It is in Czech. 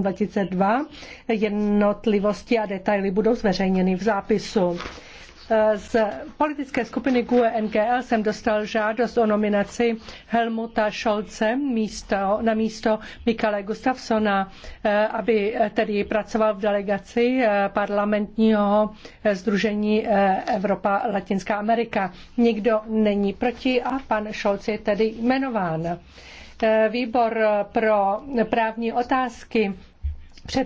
2022. Jednotlivosti a detaily budou zveřejněny v zápisu. E, z politické skupiny GUE NGL jsem dostal žádost o nominaci Helmuta Scholze místo, na místo Mikale Gustafsona, e, aby tedy pracoval v delegaci e, parlamentního združení Evropa Latinská Amerika. Nikdo není proti a pan Scholz je tedy jmenován výbor pro právní otázky před